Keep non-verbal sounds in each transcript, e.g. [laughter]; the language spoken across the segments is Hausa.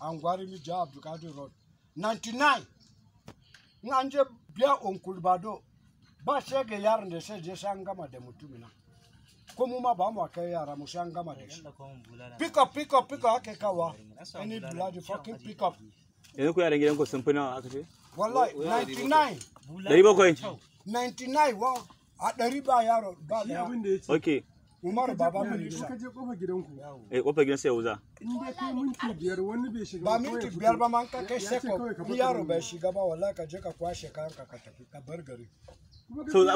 Angwarimi Jah Abdulkadir Road. 99. In je biya Onkulbado ba sai ga yaron da se je sai an gama da mutumina. Ko mu ma ba mu kai yara mu sai an gama da shi. Pick up pick up pick up hake kawa. Any bloody fucking pick up. Yanzu ku yaran gidan ku sun fi nawa aka ce? Wallahi 99. Dari bakwai. 99 wa a ɗari ba yaro ba. Okay. Umaru baba mu nisa. Ka je kofar gidanku. Eh kofar gidan sai wuza. In dai kai minti biyar wani bai shiga ba minti biyar ba man ka kai seko. Ni yaro bai shiga ba wallahi ka je ka kwashe kanka ka tafi ka bar gari. So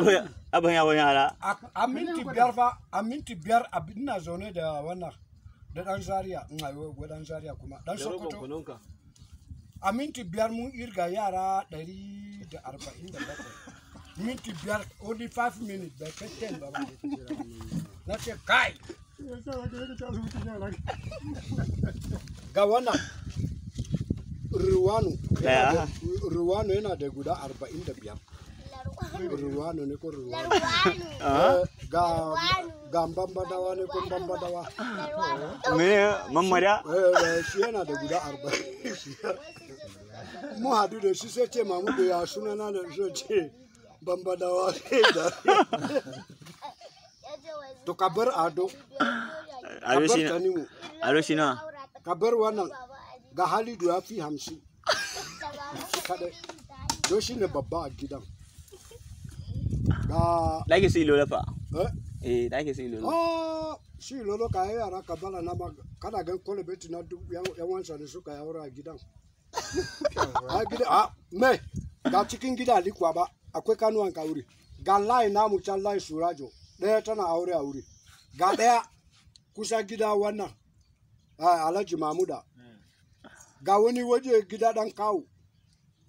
abin yawon yara. A minti biyar fa a minti biyar ina zaune da wannan da dan zaria ina yi wa dan zaria kuma dan sokoto. A minti biyar mun irga yara ɗari da arba'in da bakwai. Minti biyar only five minutes bai kai ten ba ba. na ce kai ga wannan ruwanu ruwanu yana da guda arba'in biyar ruwanu ne ko ruwanu [laughs] eh, ga ga bambadawa ne ko bambadawa me mamada eh, eh, shi yana da guda mu hadu da shi sai ce mamu da ya suna na da shi ce bambadawa sai da To ka ado. [sighs] Ado shi kabar wannan ga Halidu ya fi hamsin. do shi ne babba a gidan. Ga... Da ake su ilolo fa? Eh? Eh, da ake su ilolo. Oh, ah, shi ilolo ka ya yara kabala na ba kana gan kwalibeti na duk yan wansa da suka yawar a gidan. A gidan, a, me, ga cikin gida likuwa ba, akwai kanuwan ka wuri. Ga layi na can layi surajo. ɗaya tana aure aure ga ɗaya kusa gida wannan alhaji mamuda ga wani waje gida dan kawo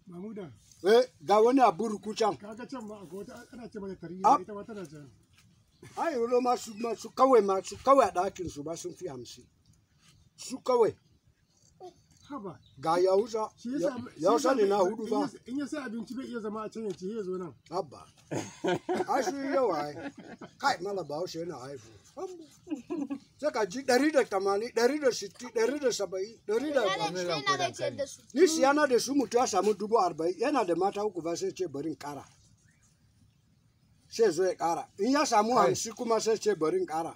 mamuda eh ga wani a burku ai kaga ma akwai wata ah. su kawai ma su kawai a ɗakin su ba sun fi hamsin su kawai ga ya wusa ya na hudu ba in sai abinci bai iya zama a can ya zo nan abba a shi yawa kai mala ba yana haifu sai ka ji ni yana da su mutu ya samu dubu arba'in yana da mata uku ba sai ce barin kara sai zo ya kara in ya samu hamsin kuma sai ce barin kara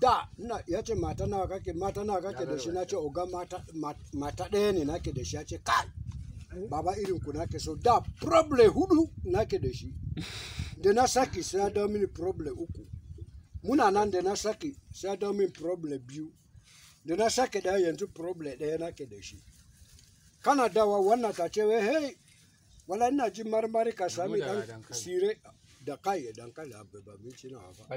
da ina ya ce mata nawa kake mata nawa kake da shi na ce oga mata ɗaya ne nake da shi ya ce kai baba irin ku nake so da problem hudu nake da shi da na saki sai ya dawo mini problem uku muna nan da na saki sai ya dawo mini problem biyu da na saki da yanzu problem ɗaya nake da shi kana dawa wannan ta ce wai hei wala ina jin marmari ka sami dan sire da kai dankali abu ba min ci na ba